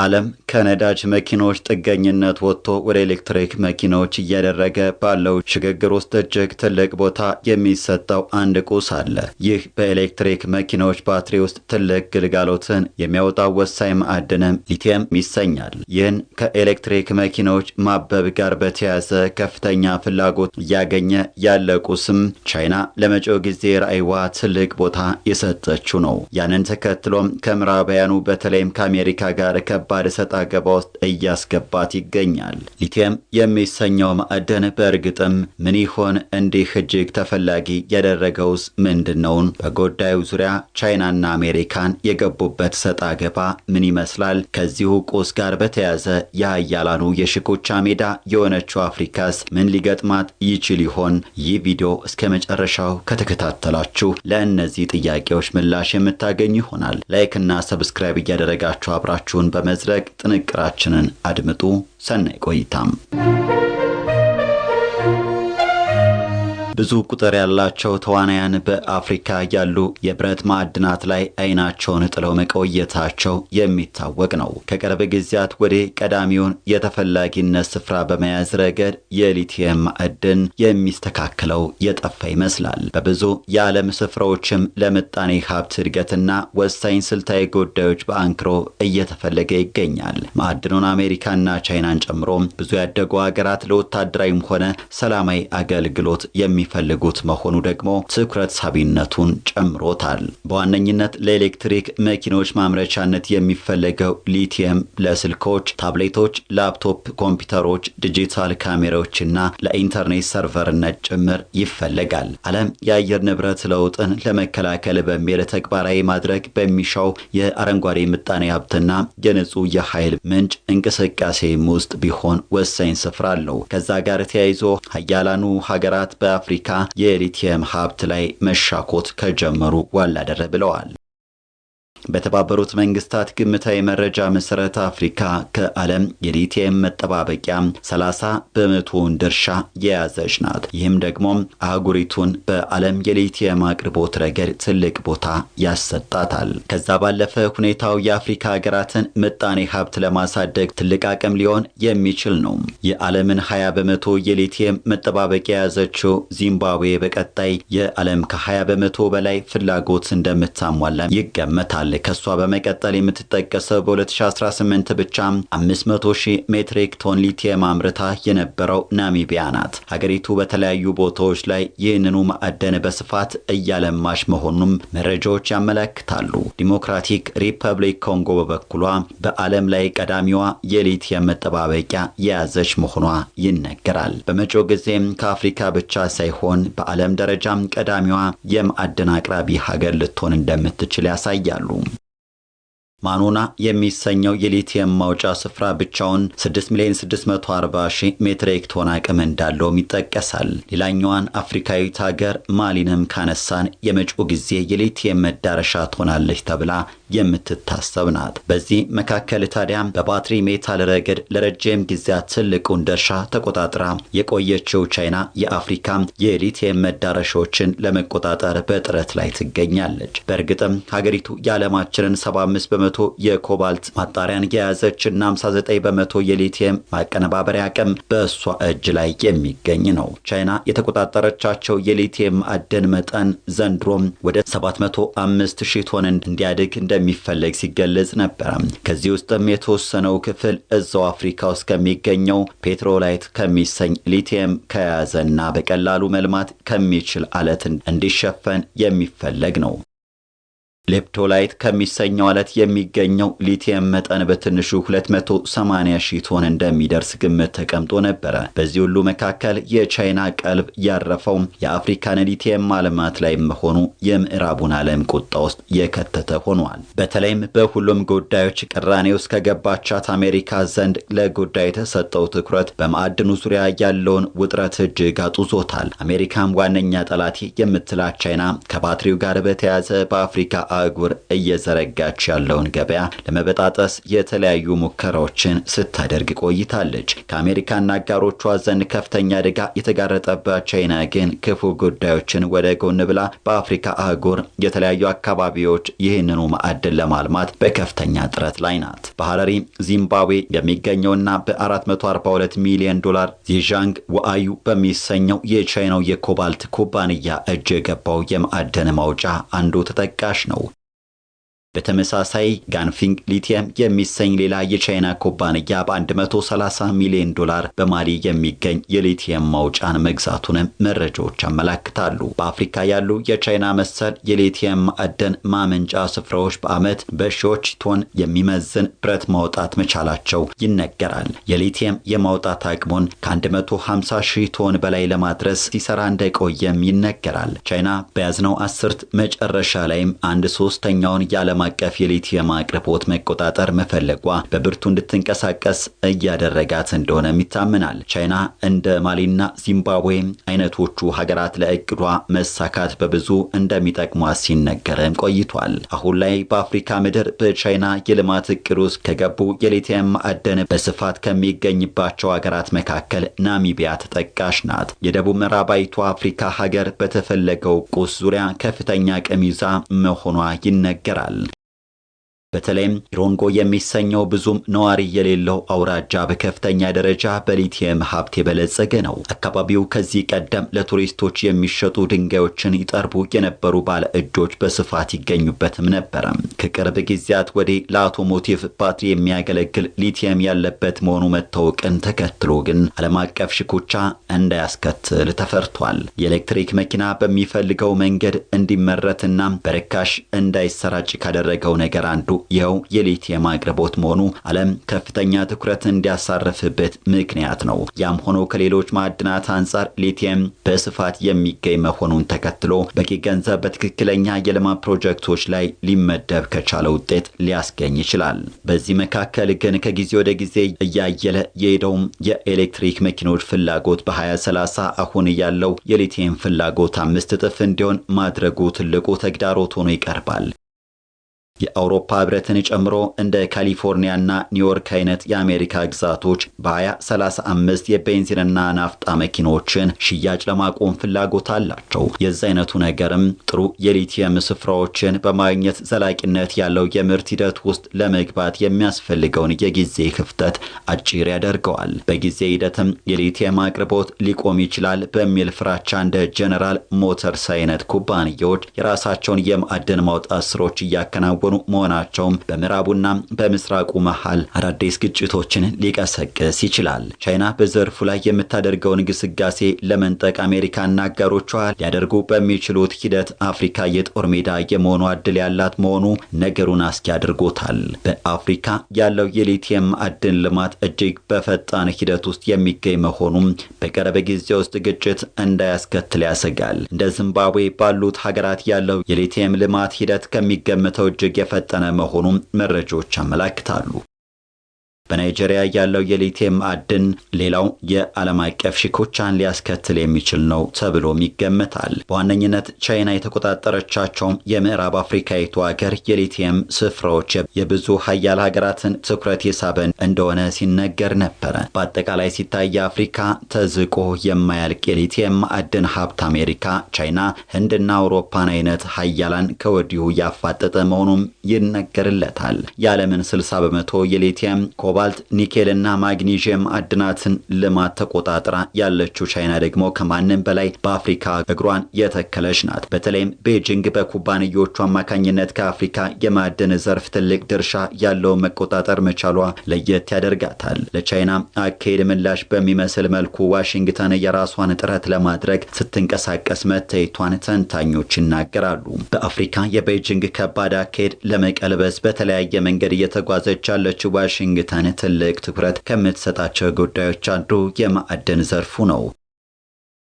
ዓለም ከነዳጅ መኪኖች ጥገኝነት ወጥቶ ወደ ኤሌክትሪክ መኪኖች እያደረገ ባለው ሽግግር ውስጥ እጅግ ትልቅ ቦታ የሚሰጠው አንድ ቁስ አለ። ይህ በኤሌክትሪክ መኪኖች ባትሪ ውስጥ ትልቅ ግልጋሎትን የሚያወጣው ወሳኝ ማዕድንም ሊቲየም ይሰኛል። ይህን ከኤሌክትሪክ መኪኖች ማበብ ጋር በተያያዘ ከፍተኛ ፍላጎት እያገኘ ያለ ቁስም ቻይና ለመጪው ጊዜ ራዕይዋ ትልቅ ቦታ የሰጠችው ነው። ያንን ተከትሎም ከምዕራባውያኑ በተለይም ከአሜሪካ ጋር ከባ ከባድ እሰጥ አገባ ውስጥ እያስገባት ይገኛል። ሊቲየም የሚሰኘው ማዕድን በእርግጥም ምን ይሆን እንዲህ እጅግ ተፈላጊ ያደረገውስ ምንድን ነውን? በጉዳዩ ዙሪያ ቻይናና አሜሪካን የገቡበት እሰጥ አገባ ምን ይመስላል? ከዚሁ ቁስ ጋር በተያዘ የአያላኑ የሽኩቻ ሜዳ የሆነችው አፍሪካስ ምን ሊገጥማት ይችል ይሆን? ይህ ቪዲዮ እስከ መጨረሻው ከተከታተላችሁ ለእነዚህ ጥያቄዎች ምላሽ የምታገኙ ይሆናል። ላይክና ሰብስክራይብ እያደረጋችሁ አብራችሁን በመ መዝረቅ ጥንቅራችንን አድምጡ። ሰናይ ቆይታም ብዙ ቁጥር ያላቸው ተዋናያን በአፍሪካ ያሉ የብረት ማዕድናት ላይ አይናቸውን ጥለው መቆየታቸው የሚታወቅ ነው። ከቅርብ ጊዜያት ወዲህ ቀዳሚውን የተፈላጊነት ስፍራ በመያዝ ረገድ የሊቲየም ማዕድን የሚስተካከለው የጠፋ ይመስላል። በብዙ የዓለም ስፍራዎችም ለምጣኔ ሀብት እድገትና ወሳኝ ስልታዊ ጉዳዮች በአንክሮ እየተፈለገ ይገኛል። ማዕድኑን አሜሪካና ቻይናን ጨምሮ ብዙ ያደጉ ሀገራት ለወታደራዊም ሆነ ሰላማዊ አገልግሎት የሚ የሚፈልጉት መሆኑ ደግሞ ትኩረት ሳቢነቱን ጨምሮታል። በዋነኝነት ለኤሌክትሪክ መኪኖች ማምረቻነት የሚፈለገው ሊቲየም ለስልኮች፣ ታብሌቶች፣ ላፕቶፕ ኮምፒውተሮች፣ ዲጂታል ካሜራዎችና ለኢንተርኔት ሰርቨርነት ጭምር ይፈለጋል። ዓለም የአየር ንብረት ለውጥን ለመከላከል በሚል ተግባራዊ ማድረግ በሚሻው የአረንጓዴ ምጣኔ ሀብትና የንጹህ የኃይል ምንጭ እንቅስቃሴም ውስጥ ቢሆን ወሳኝ ስፍራ አለው። ከዛ ጋር ተያይዞ ሀያላኑ ሀገራት በአፍሪካ አፍሪካ የሊቲየም ሀብት ላይ መሻኮት ከጀመሩ ዋል ብለዋል። በተባበሩት መንግስታት ግምታዊ መረጃ መሰረት አፍሪካ ከዓለም የሊቲየም መጠባበቂያ 30 በመቶውን ድርሻ የያዘች ናት። ይህም ደግሞ አህጉሪቱን በዓለም የሊቲየም አቅርቦት ረገድ ትልቅ ቦታ ያሰጣታል። ከዛ ባለፈ ሁኔታው የአፍሪካ ሀገራትን ምጣኔ ሀብት ለማሳደግ ትልቅ አቅም ሊሆን የሚችል ነው። የዓለምን 20 በመቶ የሊቲየም መጠባበቂያ የያዘችው ዚምባብዌ በቀጣይ የዓለም ከ20 በመቶ በላይ ፍላጎት እንደምታሟላ ይገመታል። ተገኝታለች። ከሷ በመቀጠል የምትጠቀሰው በ2018 ብቻ 500 ሜትሪክ ቶን ሊቲየም አምርታ የነበረው ናሚቢያ ናት። ሀገሪቱ በተለያዩ ቦታዎች ላይ ይህንኑ ማዕደን በስፋት እያለማሽ መሆኑም መረጃዎች ያመለክታሉ። ዲሞክራቲክ ሪፐብሊክ ኮንጎ በበኩሏ በዓለም ላይ ቀዳሚዋ የሊቲየም መጠባበቂያ የያዘች መሆኗ ይነገራል። በመጪው ጊዜም ከአፍሪካ ብቻ ሳይሆን በዓለም ደረጃም ቀዳሚዋ የማዕድን አቅራቢ ሀገር ልትሆን እንደምትችል ያሳያሉ። ማኑና የሚሰኘው የሊቲየም ማውጫ ስፍራ ብቻውን 6 ሚሊዮን 640 ሺህ ሜትሪክ ቶን አቅም እንዳለውም ይጠቀሳል። ሌላኛዋን አፍሪካዊት ሀገር ማሊንም ካነሳን የመጪው ጊዜ የሊቲየም መዳረሻ ትሆናለች ተብላ የምትታሰብ ናት። በዚህ መካከል ታዲያ በባትሪ ሜታል ረገድ ለረጅም ጊዜያት ትልቁን ድርሻ ተቆጣጥራ የቆየችው ቻይና የአፍሪካ የሊቲየም መዳረሻዎችን ለመቆጣጠር በጥረት ላይ ትገኛለች። በእርግጥም ሀገሪቱ የዓለማችንን 75 በመቶ የኮባልት ማጣሪያን የያዘች እና 59 በመቶ የሊቲየም ማቀነባበሪያ አቅም በእሷ እጅ ላይ የሚገኝ ነው። ቻይና የተቆጣጠረቻቸው የሊቲየም ማዕድን መጠን ዘንድሮም ወደ 705 ሺህ ቶን እንዲያድግ እንደ እንደሚፈለግ ሲገለጽ ነበር። ከዚህ ውስጥም የተወሰነው ክፍል እዛው አፍሪካ ውስጥ ከሚገኘው ፔትሮላይት ከሚሰኝ ሊቲየም ከያዘና በቀላሉ መልማት ከሚችል አለት እንዲሸፈን የሚፈለግ ነው። ሌፕቶላይት ከሚሰኘው አለት የሚገኘው ሊቲየም መጠን በትንሹ 280 ሺህ ቶን እንደሚደርስ ግምት ተቀምጦ ነበረ። በዚህ ሁሉ መካከል የቻይና ቀልብ ያረፈው የአፍሪካን ሊቲየም ማልማት ላይ መሆኑ የምዕራቡን ዓለም ቁጣ ውስጥ የከተተ ሆኗል። በተለይም በሁሉም ጉዳዮች ቅራኔ ውስጥ ከገባቻት አሜሪካ ዘንድ ለጉዳይ የተሰጠው ትኩረት በማዕድኑ ዙሪያ ያለውን ውጥረት እጅግ አጡዞታል። አሜሪካም ዋነኛ ጠላቴ የምትላት ቻይና ከባትሪው ጋር በተያያዘ በአፍሪካ አህጉር እየዘረጋች ያለውን ገበያ ለመበጣጠስ የተለያዩ ሙከራዎችን ስታደርግ ቆይታለች። ከአሜሪካና አጋሮቿ ዘንድ ከፍተኛ አደጋ የተጋረጠባት ቻይና ግን ክፉ ጉዳዮችን ወደ ጎን ብላ በአፍሪካ አህጉር የተለያዩ አካባቢዎች ይህንኑ ማዕድን ለማልማት በከፍተኛ ጥረት ላይ ናት። በሐረሪ ዚምባብዌ የሚገኘውና በ442 ሚሊዮን ዶላር ዚዣንግ ወአዩ በሚሰኘው የቻይናው የኮባልት ኩባንያ እጅ የገባው የማዕድን ማውጫ አንዱ ተጠቃሽ ነው። በተመሳሳይ ጋንፊንግ ሊቲየም የሚሰኝ ሌላ የቻይና ኩባንያ በ130 ሚሊዮን ዶላር በማሊ የሚገኝ የሊቲየም ማውጫን መግዛቱንም መረጃዎች ያመላክታሉ። በአፍሪካ ያሉ የቻይና መሰል የሊቲየም ማዕደን ማመንጫ ስፍራዎች በዓመት በሺዎች ቶን የሚመዝን ብረት ማውጣት መቻላቸው ይነገራል። የሊቲየም የማውጣት አቅሙን ከ150 ሺህ ቶን በላይ ለማድረስ ሲሰራ እንደቆየም ይነገራል። ቻይና በያዝነው አስርት መጨረሻ ላይም አንድ ሶስተኛውን ያለ ዓለም አቀፍ የሊቲየም አቅርቦት መቆጣጠር መፈለጓ በብርቱ እንድትንቀሳቀስ እያደረጋት እንደሆነም ይታመናል። ቻይና እንደ ማሊና ዚምባብዌ አይነቶቹ ሀገራት ለእቅዷ መሳካት በብዙ እንደሚጠቅሟ ሲነገርም ቆይቷል። አሁን ላይ በአፍሪካ ምድር በቻይና የልማት እቅድ ውስጥ ከገቡ የሊቲየም ማዕድን በስፋት ከሚገኝባቸው ሀገራት መካከል ናሚቢያ ተጠቃሽ ናት። የደቡብ ምዕራባዊቱ አፍሪካ ሀገር በተፈለገው ቁስ ዙሪያ ከፍተኛ አቅም ይዛ መሆኗ ይነገራል። በተለይም ኢሮንጎ የሚሰኘው ብዙም ነዋሪ የሌለው አውራጃ በከፍተኛ ደረጃ በሊቲየም ሀብት የበለጸገ ነው። አካባቢው ከዚህ ቀደም ለቱሪስቶች የሚሸጡ ድንጋዮችን ይጠርቡ የነበሩ ባለ እጆች በስፋት ይገኙበትም ነበረ። ከቅርብ ጊዜያት ወዲህ ለአውቶሞቲቭ ባትሪ የሚያገለግል ሊቲየም ያለበት መሆኑ መታወቅን ተከትሎ ግን ዓለም አቀፍ ሽኩቻ እንዳያስከትል ተፈርቷል። የኤሌክትሪክ መኪና በሚፈልገው መንገድ እንዲመረትና በርካሽ እንዳይሰራጭ ካደረገው ነገር አንዱ ይኸው የሊቲየም አቅርቦት መሆኑ ዓለም ከፍተኛ ትኩረት እንዲያሳረፍበት ምክንያት ነው። ያም ሆኖ ከሌሎች ማዕድናት አንጻር ሊቲየም በስፋት የሚገኝ መሆኑን ተከትሎ በቂ ገንዘብ በትክክለኛ የልማት ፕሮጀክቶች ላይ ሊመደብ ከቻለ ውጤት ሊያስገኝ ይችላል። በዚህ መካከል ግን ከጊዜ ወደ ጊዜ እያየለ የሄደውም የኤሌክትሪክ መኪኖች ፍላጎት በ2030 አሁን ያለው የሊቲየም ፍላጎት አምስት እጥፍ እንዲሆን ማድረጉ ትልቁ ተግዳሮት ሆኖ ይቀርባል። የአውሮፓ ህብረትን ጨምሮ እንደ ካሊፎርኒያና ኒውዮርክ አይነት የአሜሪካ ግዛቶች በ2035 የቤንዚንና ናፍጣ መኪኖችን ሽያጭ ለማቆም ፍላጎት አላቸው። የዚ አይነቱ ነገርም ጥሩ የሊቲየም ስፍራዎችን በማግኘት ዘላቂነት ያለው የምርት ሂደት ውስጥ ለመግባት የሚያስፈልገውን የጊዜ ክፍተት አጭር ያደርገዋል። በጊዜ ሂደትም የሊቲየም አቅርቦት ሊቆም ይችላል በሚል ፍራቻ እንደ ጀነራል ሞተርስ አይነት ኩባንያዎች የራሳቸውን የማዕድን ማውጣት ስሮች እያከናወ የሆኑ መሆናቸውም በምዕራቡና በምስራቁ መሃል አዳዲስ ግጭቶችን ሊቀሰቅስ ይችላል። ቻይና በዘርፉ ላይ የምታደርገውን ግስጋሴ ለመንጠቅ አሜሪካና አጋሮቿ ሊያደርጉ በሚችሉት ሂደት አፍሪካ የጦር ሜዳ የመሆኗ እድል ያላት መሆኑ ነገሩን አስጊ አድርጎታል። በአፍሪካ ያለው የሊቲየም አድን ልማት እጅግ በፈጣን ሂደት ውስጥ የሚገኝ መሆኑም በቀረበ ጊዜ ውስጥ ግጭት እንዳያስከትል ያሰጋል። እንደ ዚምባብዌ ባሉት ሀገራት ያለው የሊቲየም ልማት ሂደት ከሚገመተው እጅግ የፈጠነ መሆኑም መረጃዎች አመላክታሉ። በናይጄሪያ ያለው የሊቴም ማዕድን ሌላው የዓለም አቀፍ ሽኩቻን ሊያስከትል የሚችል ነው ተብሎም ይገመታል። በዋነኝነት ቻይና የተቆጣጠረቻቸውም የምዕራብ አፍሪካዊቱ ሀገር የሊቴም ስፍራዎች የብዙ ሀያል ሀገራትን ትኩረት የሳበን እንደሆነ ሲነገር ነበረ። በአጠቃላይ ሲታይ የአፍሪካ ተዝቆ የማያልቅ የሊቴም ማዕድን ሀብት አሜሪካ፣ ቻይና፣ ህንድና አውሮፓን አይነት ሀያላን ከወዲሁ ያፋጠጠ መሆኑም ይነገርለታል። የዓለምን 60 በመቶ የሊቴም ኮባ ኮባልት፣ ኒኬልና ማግኒዥየም አድናትን ልማት ተቆጣጥራ ያለችው ቻይና ደግሞ ከማንም በላይ በአፍሪካ እግሯን የተከለች ናት። በተለይም ቤጂንግ በኩባንያዎቹ አማካኝነት ከአፍሪካ የማዕድን ዘርፍ ትልቅ ድርሻ ያለው መቆጣጠር መቻሏ ለየት ያደርጋታል። ለቻይና አካሄድ ምላሽ በሚመስል መልኩ ዋሽንግተን የራሷን ጥረት ለማድረግ ስትንቀሳቀስ መታየቷን ተንታኞች ይናገራሉ። በአፍሪካ የቤጂንግ ከባድ አካሄድ ለመቀልበስ በተለያየ መንገድ እየተጓዘች ያለችው ዋሽንግተን ትልቅ ትኩረት ከምትሰጣቸው ጉዳዮች አንዱ የማዕድን ዘርፉ ነው።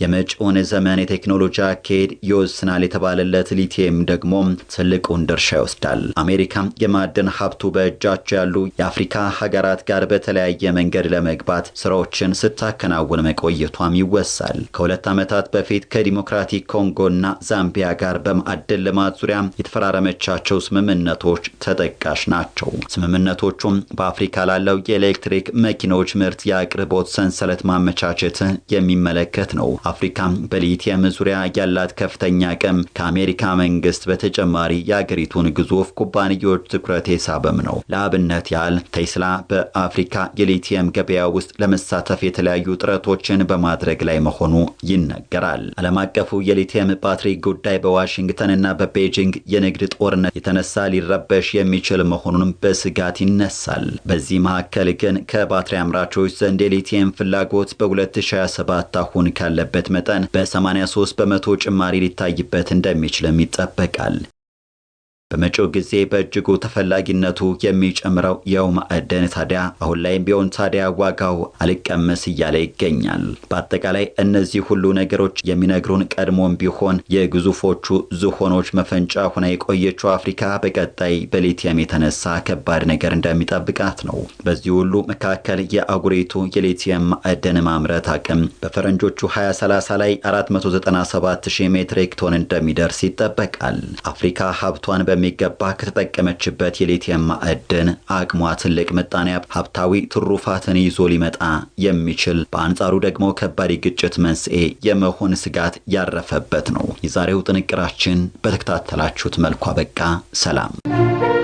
የመጪውን ዘመን የቴክኖሎጂ አካሄድ ይወስናል የተባለለት ሊቲየም ደግሞ ትልቁን ድርሻ ይወስዳል። አሜሪካ የማዕድን ሀብቱ በእጃቸው ያሉ የአፍሪካ ሀገራት ጋር በተለያየ መንገድ ለመግባት ስራዎችን ስታከናውን መቆየቷም ይወሳል። ከሁለት ዓመታት በፊት ከዲሞክራቲክ ኮንጎና ዛምቢያ ጋር በማዕድን ልማት ዙሪያ የተፈራረመቻቸው ስምምነቶች ተጠቃሽ ናቸው። ስምምነቶቹም በአፍሪካ ላለው የኤሌክትሪክ መኪኖች ምርት የአቅርቦት ሰንሰለት ማመቻቸትን የሚመለከት ነው። አፍሪካ በሊቲየም ዙሪያ ያላት ከፍተኛ አቅም ከአሜሪካ መንግስት በተጨማሪ የአገሪቱን ግዙፍ ኩባንያዎች ትኩረት የሳበም ነው። ለአብነት ያህል ቴስላ በአፍሪካ የሊቲየም ገበያ ውስጥ ለመሳተፍ የተለያዩ ጥረቶችን በማድረግ ላይ መሆኑ ይነገራል። ዓለም አቀፉ የሊቲየም ባትሪ ጉዳይ በዋሽንግተንና በቤጂንግ የንግድ ጦርነት የተነሳ ሊረበሽ የሚችል መሆኑንም በስጋት ይነሳል። በዚህ መካከል ግን ከባትሪ አምራቾች ዘንድ የሊቲየም ፍላጎት በ2027 አሁን ካለበት የነበረበት መጠን በ83 በመቶ ጭማሪ ሊታይበት እንደሚችልም ይጠበቃል። በመጪው ጊዜ በእጅጉ ተፈላጊነቱ የሚጨምረው የው ማዕድን ታዲያ አሁን ላይም ቢሆን ታዲያ ዋጋው አልቀመስ እያለ ይገኛል። በአጠቃላይ እነዚህ ሁሉ ነገሮች የሚነግሩን ቀድሞም ቢሆን የግዙፎቹ ዝሆኖች መፈንጫ ሆና የቆየችው አፍሪካ በቀጣይ በሊቲየም የተነሳ ከባድ ነገር እንደሚጠብቃት ነው። በዚህ ሁሉ መካከል የአጉሪቱ የሊቲየም ማዕድን ማምረት አቅም በፈረንጆቹ 2030 ላይ 497 ሺህ ሜትሪክ ቶን እንደሚደርስ ይጠበቃል። አፍሪካ ሀብቷን በሚ በሚገባ ከተጠቀመችበት የሊቲየም ማዕድን አቅሟ ትልቅ ምጣኔ ሀብታዊ ትሩፋትን ይዞ ሊመጣ የሚችል በአንጻሩ ደግሞ ከባድ የግጭት መንስኤ የመሆን ስጋት ያረፈበት ነው። የዛሬው ጥንቅራችን በተከታተላችሁት መልኩ አበቃ። ሰላም